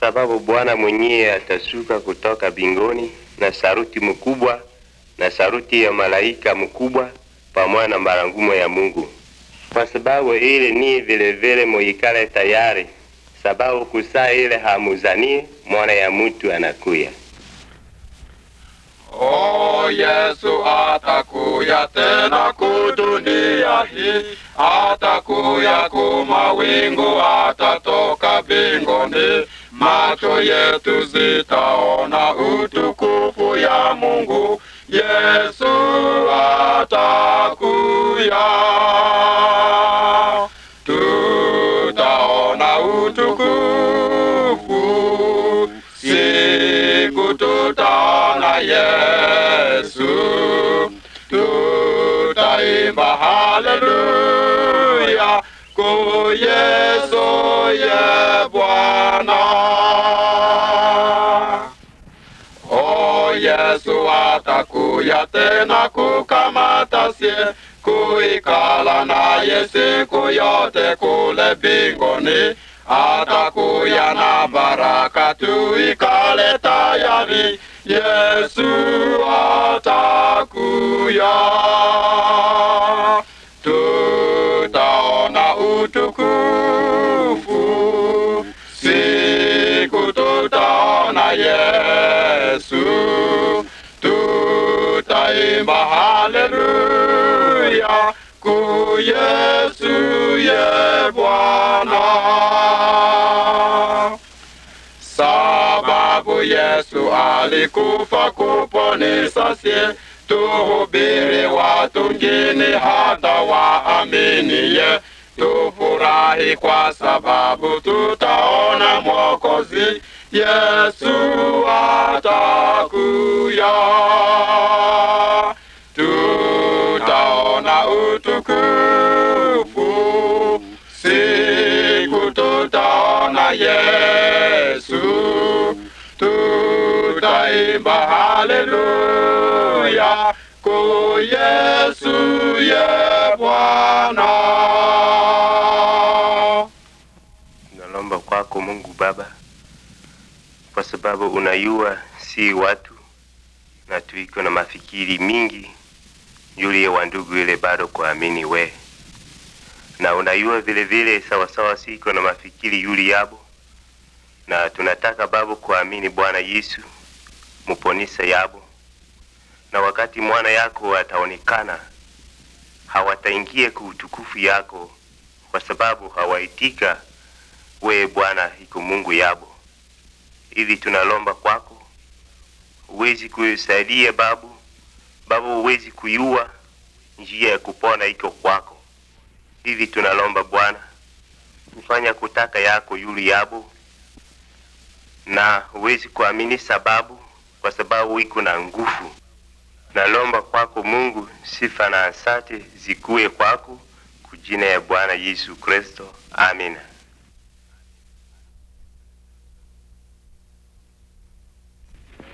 sababu Bwana mwenyewe atashuka kutoka mbinguni na saruti mkubwa na saruti ya malaika mkubwa pamoja na marangumo ya Mungu. Kwa sababu ile ni vile vile muikale tayari, sababu kusaa ile hamuzanie mwana ya mtu anakuya. O Yesu atakuya tena kudunia hii, atakuya kumawingu, atatoka mbinguni macho yetu zitaona utukufu ya Mungu. kuja na kukamata sie, kuikala naye siku yote kule mbinguni. Atakuja na baraka tuikale tayari, Yesu atakuja. Tutaona utukufu siku tutaona Yesu tu imba haleluya ye Bwana, sababu Yesu alikufa kuponisasi tuhubiri watu ngine hata waaminiye, tufurahi kwa sababu tutaona Mwokozi Yesu atakuja, tutaona utukufu, siku tutaona Yesu, tutaimba haleluya, ko Yesu ye Bwana. Nalomba kwako Mungu Baba kwa sababu unayua si watu na tuiko na mafikiri mingi juliye ya wandugu ile bado kuamini we na unayua vile vile sawasawa siko na mafikiri yuli yabo na tunataka babo kuamini Bwana Yesu muponisa yabo na wakati mwana yako ataonekana hawataingie ku utukufu yako kwa sababu hawaitika we Bwana iko Mungu yabo hivi tunalomba kwako, huwezi kusaidia babu, babu, huwezi kuiua, njia ya kupona iko kwako. Hivi tunalomba Bwana, kufanya kutaka yako yuli yabu, na huwezi kuamini sababu, kwa sababu iko na nguvu. Nalomba kwako Mungu, sifa na asante zikuwe kwako, kujina ya Bwana Yesu Kristo, amina.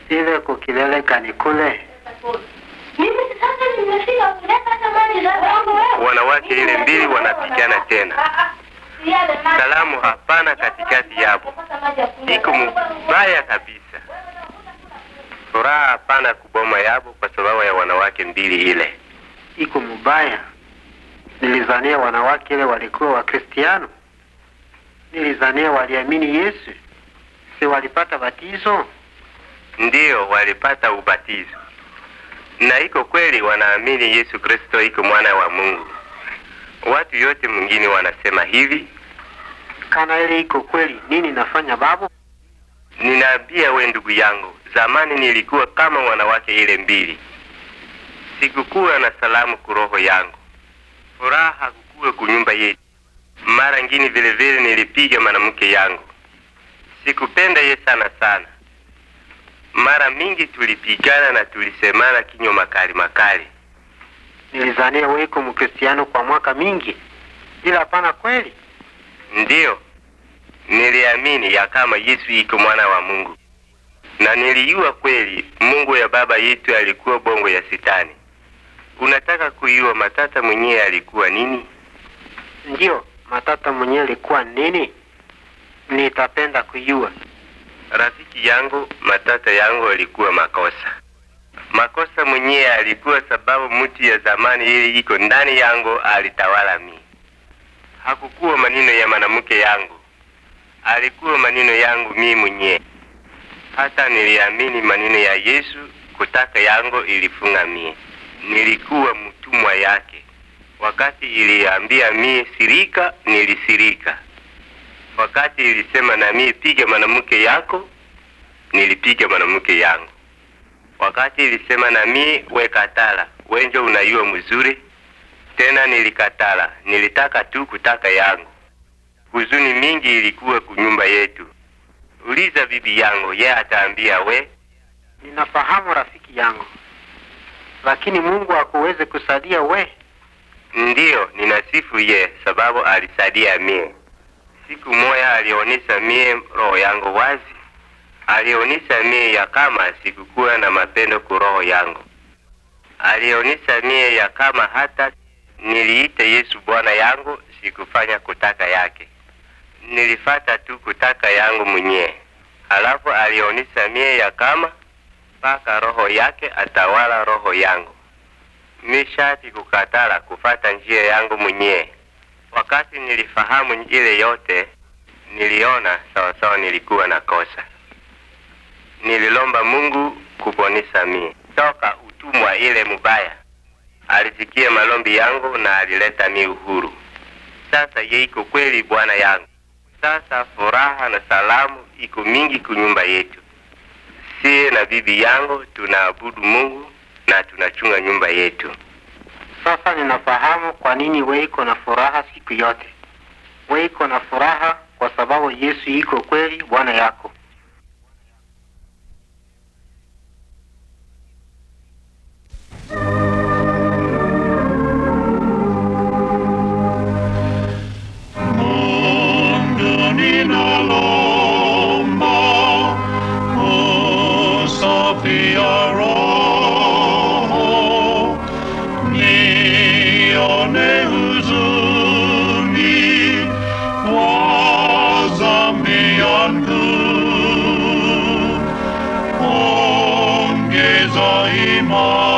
Sile kukileleka ni kule. Wanawake ile mbili wanapigana tena, ah, ah. salamu hapana katikati yapo, iko mubaya kabisa. Furaha hapana kuboma yapo kwa sababu ya wanawake mbili ile, iko mubaya. Nilizania wanawake ile walikuwa Wakristiano, nilizania waliamini Yesu, si walipata batizo ndiyo walipata ubatizo, na iko kweli wanaamini Yesu Kristo iko mwana wa Mungu. Watu yote mwingine wanasema hivi, kana ile iko kweli, nini nafanya babu? Ninaambia we ndugu yangu, zamani nilikuwa kama wanawake ile mbili, sikukuwa na salamu kuroho yangu, furaha hakukuwa kunyumba yetu. Mara ngine vile vile nilipiga mwanamke yangu, sikupenda ye sana sana mara mingi tulipigana na tulisemana kinywa makali makali. Nilizania weko Mkristiano kwa mwaka mingi, ila hapana kweli. Ndiyo, niliamini ya kama Yesu iko mwana wa Mungu, na niliyua kweli Mungu ya baba yetu alikuwa bongo ya sitani. Unataka kuyua matata mwenyewe alikuwa nini? Ndiyo, matata mwenyewe alikuwa nini? Nitapenda kuyua. Rafiki yangu matata yangu alikuwa makosa makosa mwenyewe alikuwa sababu mtu ya zamani ili iko ndani yangu alitawala mi. Hakukuwa maneno ya mwanamke yangu, alikuwa maneno yangu mi mwenyewe. Hata niliamini maneno ya Yesu, kutaka yangu ilifunga mie. Nilikuwa mtumwa yake. Wakati iliambia mie sirika, nilisirika wakati ilisema nami pige mwanamke yako, nilipiga mwanamke yangu. Wakati ilisema nami wekatala wenjo unayua mzuri tena, nilikatala. Nilitaka tu kutaka yangu. Huzuni mingi ilikuwa kunyumba yetu. Uliza bibi yangu, ye ataambia we. Ninafahamu rafiki yangu, lakini Mungu akuweze kusadia we. Ndiyo, ninasifu ye sababu alisadia mie siku moya alionisa mie roho yangu wazi, alionisa mie ya kama sikukuwa na mapendo ku roho yangu, alionisa mie ya kama hata niliita Yesu Bwana yangu sikufanya kutaka yake, nilifata tu kutaka yangu mwenyewe. Alafu alionisa mie ya kama mpaka roho yake atawala roho yangu, mishati kukatala kufata njia yangu mwenyewe Wakati nilifahamu ile yote, niliona sawa sawa nilikuwa na kosa. Nililomba Mungu kuponisa mie toka utumwa ile mubaya. Alisikia malombi yangu na alileta mi uhuru. Sasa yeiko kweli Bwana yangu. Sasa furaha na salamu iko mingi kunyumba yetu. Sie na bibi yangu tunaabudu Mungu na tunachunga nyumba yetu sasa ninafahamu kwa nini weiko iko na furaha siku yote. weiko iko na furaha kwa sababu Yesu iko kweli Bwana yako. Oh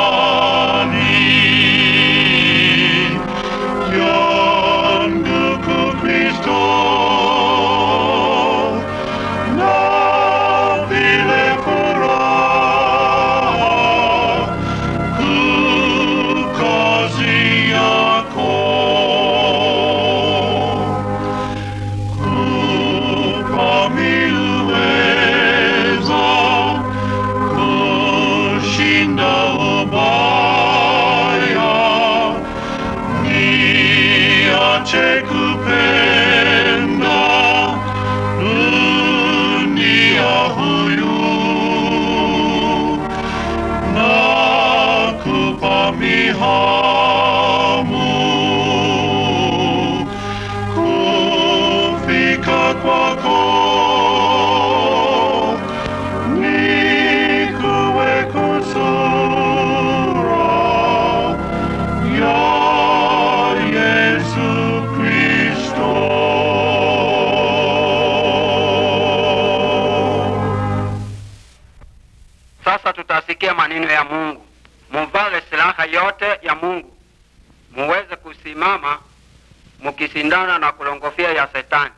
kushindana na kulongofia ya Shetani,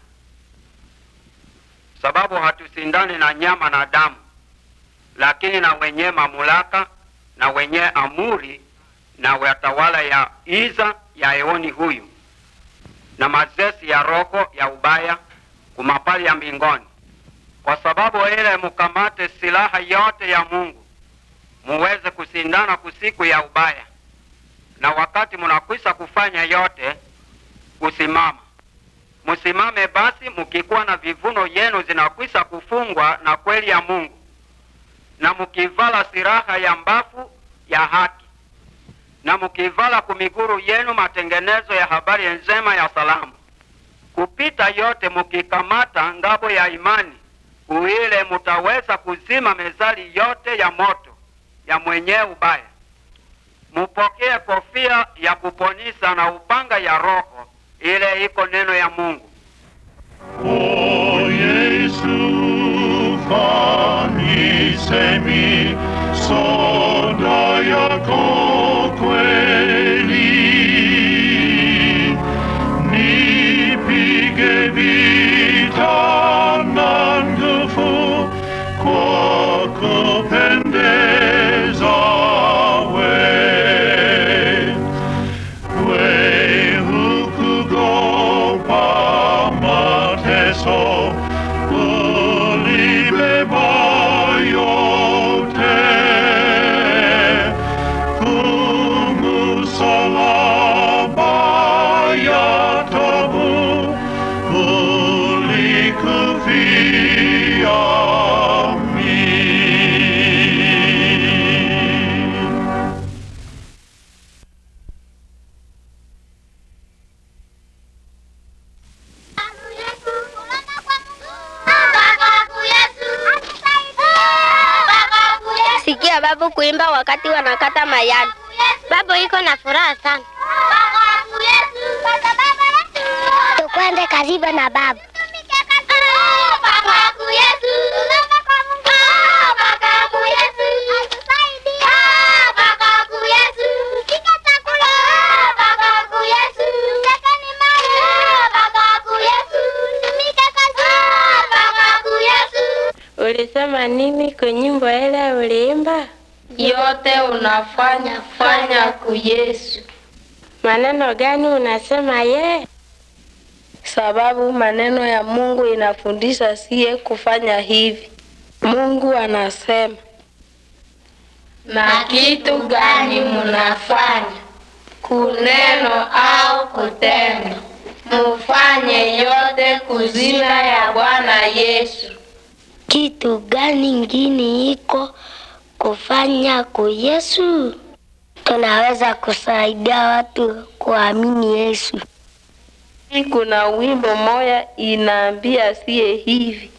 sababu hatusindani na nyama na damu, lakini na wenye mamlaka na wenye amuri na watawala ya iza ya eoni huyu na mazesi ya roho ya ubaya kumapali ya mbingoni. Kwa sababu ile mukamate silaha yote ya Mungu muweze kusindana kusiku ya ubaya, na wakati munakwisa kufanya yote kusimama. Msimame basi mkikuwa na vivuno yenu zinakwisha kufungwa na kweli ya Mungu, na mkivala silaha ya mbafu ya haki, na mkivala kumiguru yenu matengenezo ya habari njema ya salamu. Kupita yote mkikamata ngabo ya imani, uile mutaweza kuzima mezali yote ya moto ya mwenye ubaya. Mupokee kofia ya kuponisa na upanga ya Roho Ele é iko neno ya Mungu. O Yesu fanisemi kuimba wakati wanakata mayani. Babu iko na furaha sana. Tukwende karibu na babu. Ulisema nini kwa nyimbo ile uliimba? yote unafanya fanya ku Yesu. Maneno gani unasema ye? Sababu maneno ya Mungu inafundisha siye kufanya hivi. Mungu anasema, na kitu gani munafanya kuneno au kutenda, mufanye yote kuzina ya Bwana Yesu. Kitu gani ngini iko kufanya kwa Yesu, tunaweza kusaidia watu kuamini Yesu. Kuna wimbo moya inaambia sie hivi,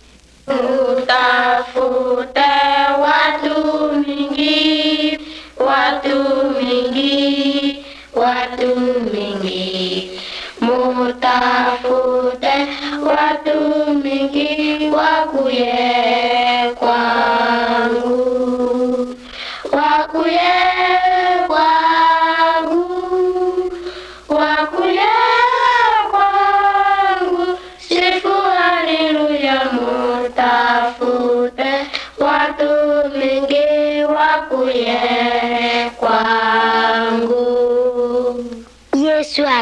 tutafute watu mingi, watu mingi, watu mingi, mutafute watu mingi wakuye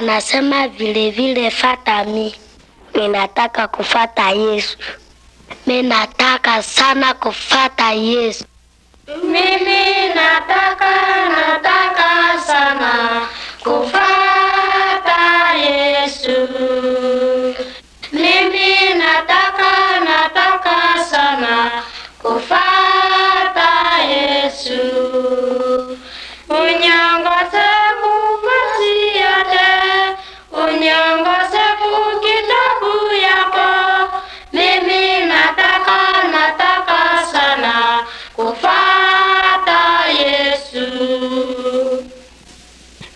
anasema vilevile, fata mi. Ninataka kufata Yesu, minataka sana kufata Yesu. Mimi nataka nataka sana kufata Yesu. Mimi nataka nataka sana kufata Yesu. Unyango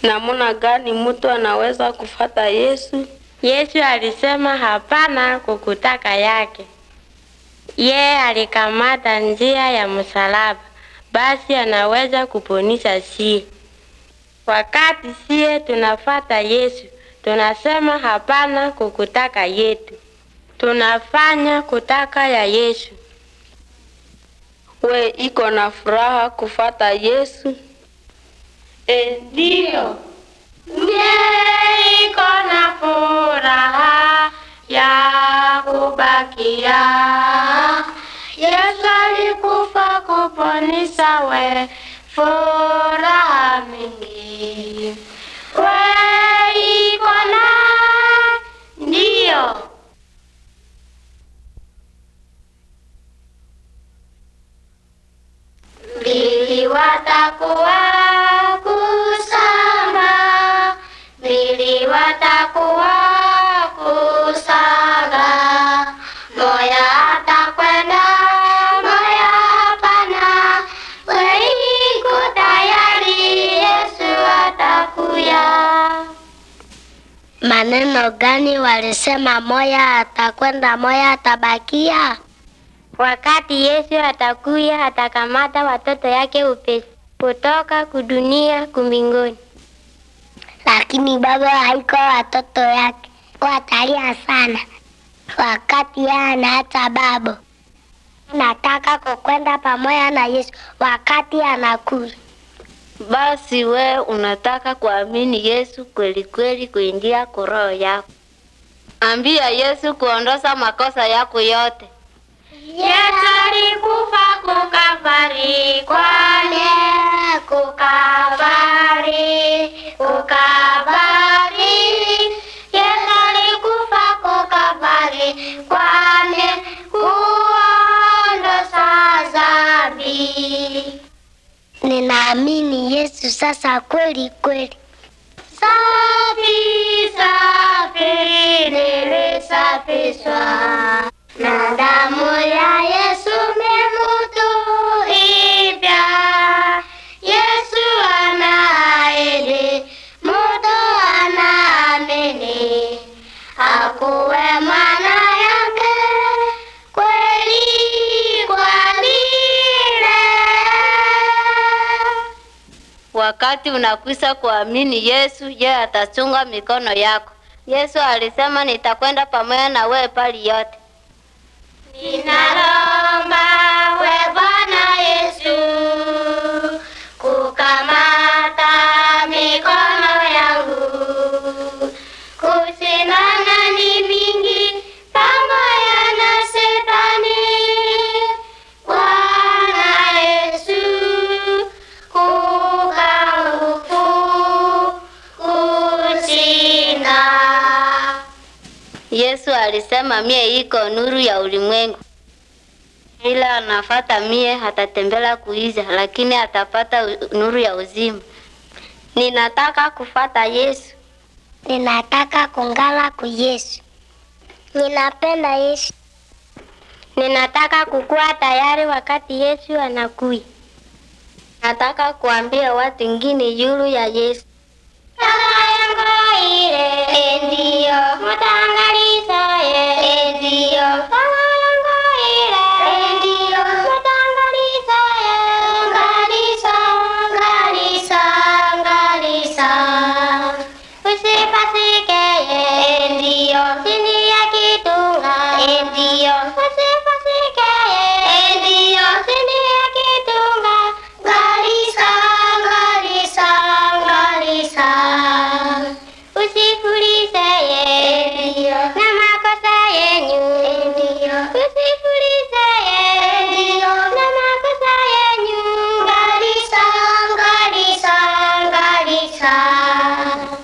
namuna gani mtu anaweza kufata Yesu? Yesu alisema hapana kukutaka yake. Yeye alikamata njia ya msalaba, basi anaweza kuponisa sie. Wakati sie tunafata Yesu, tunasema hapana kukutaka yetu, tunafanya kutaka ya Yesu. We iko na furaha kufata Yesu? Endio. Nire ikona fura jaku bakia jesari kufa kuponisa ue fura amingi ue ikona Nio. Niri batakoa Maneno gani walisema moya atakwenda moya atabakia? Wakati Yesu atakuya atakamata watoto yake upesi kutoka kudunia kumbinguni. Lakini baba haiko watoto yake watalia sana wakati yana hata babo nataka kukwenda pamoya na Yesu wakati anakuya basi we unataka kuamini Yesu kweli kweli kuingia kwa roho yako. Ambia Yesu kuondosa makosa yako yote. Yesu alikufa kukafari kwale, kukafari, kukafari. Yesu Ninaamini Yesu sasa kweli kweli. Safi safi, nimesafishwa na damu ya Yesu. Wakati unakwisa kuamini Yesu, je, atachunga mikono yako? Yesu alisema nitakwenda pamoja na wewe pali yote. Ninalomba anasema mie iko nuru ya ulimwengu. Ila anafata mie hatatembela kuiza, lakini atapata nuru ya uzima. Ninataka kufata Yesu. Ninataka kungala ku Yesu. Ninapenda Yesu. Ninataka kukua tayari wakati Yesu anakui Nataka kuambia watu ngini yulu ya Yesu. Thank you.